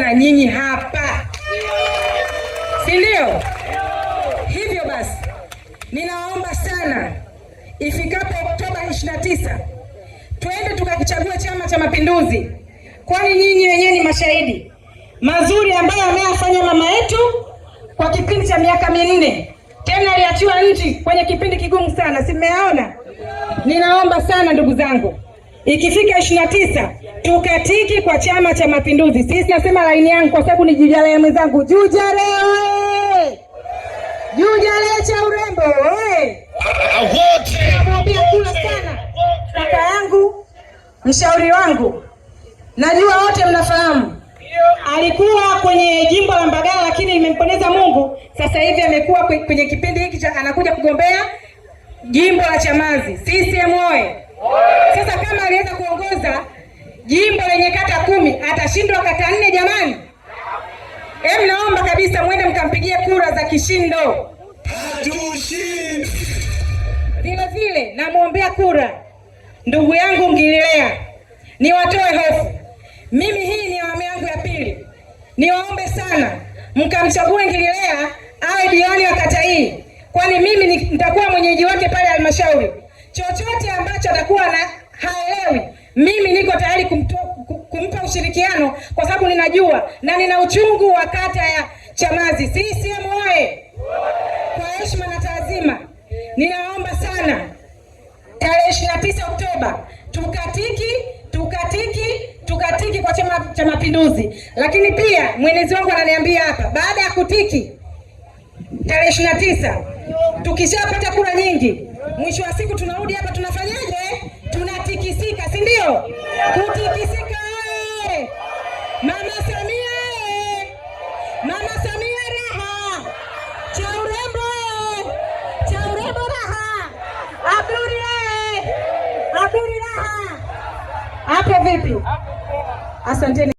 na nyinyi hapa, si ndio? Hivyo basi, ninaomba sana ifikapo Oktoba 29 twende tukakichagua Chama cha Mapinduzi, kwani nyinyi wenyewe ni mashahidi mazuri ambayo ameyafanya mama yetu kwa kipindi cha miaka minne, tena aliachiwa nchi kwenye kipindi kigumu sana, si Ninaomba sana ndugu zangu Ikifika ishirini na tisa tukatiki kwa Chama cha Mapinduzi. Sisi nasema laini yangu kwa sababu ni Jujale ya mwenzangu. Jujale oye! Jujale cha urembo kaka yangu, mshauri wangu, najua wote mnafahamu, alikuwa kwenye jimbo la Mbagala, lakini imempendeza Mungu, sasa hivi amekuwa kwenye kipindi hiki cha anakuja kugombea jimbo la Chamazi. CCM oye! Sasa kama aliweza kuongoza jimbo lenye kata kumi atashindwa kata nne? Jamani, hebu naomba kabisa mwende mkampigie kura za kishindo. Vile vile namwombea kura ndugu yangu ngililea niwatoe hofu. Mimi hii ni awamu yangu ya pili, niwaombe sana mkamchague Ngililea awe diwani wa kata hii, kwani mimi nitakuwa mwenyeji wake pale halmashauri chochote ambacho atakuwa na haelewi, mimi niko tayari kumpa ushirikiano, kwa sababu ninajua na nina uchungu wa kata ya Chamazi. CCM oye! Kwa heshima na taazima ninaomba sana tarehe 29 Oktoba tukatiki tukatiki tukatiki kwa Chama cha Mapinduzi. Lakini pia mwenyezi wangu ananiambia hapa, baada ya kutiki tarehe 29 tukishapata kura nyingi mwisho wa siku tunarudi hapa tunafanyaje? Tunatikisika, si ndio? Kutikisika wewe, eh! Mama Samia eh! Mama Samia raha! Cha urembo Cha urembo raha! Abduli oye! Eh! raha! Hapo vipi? Asanteni.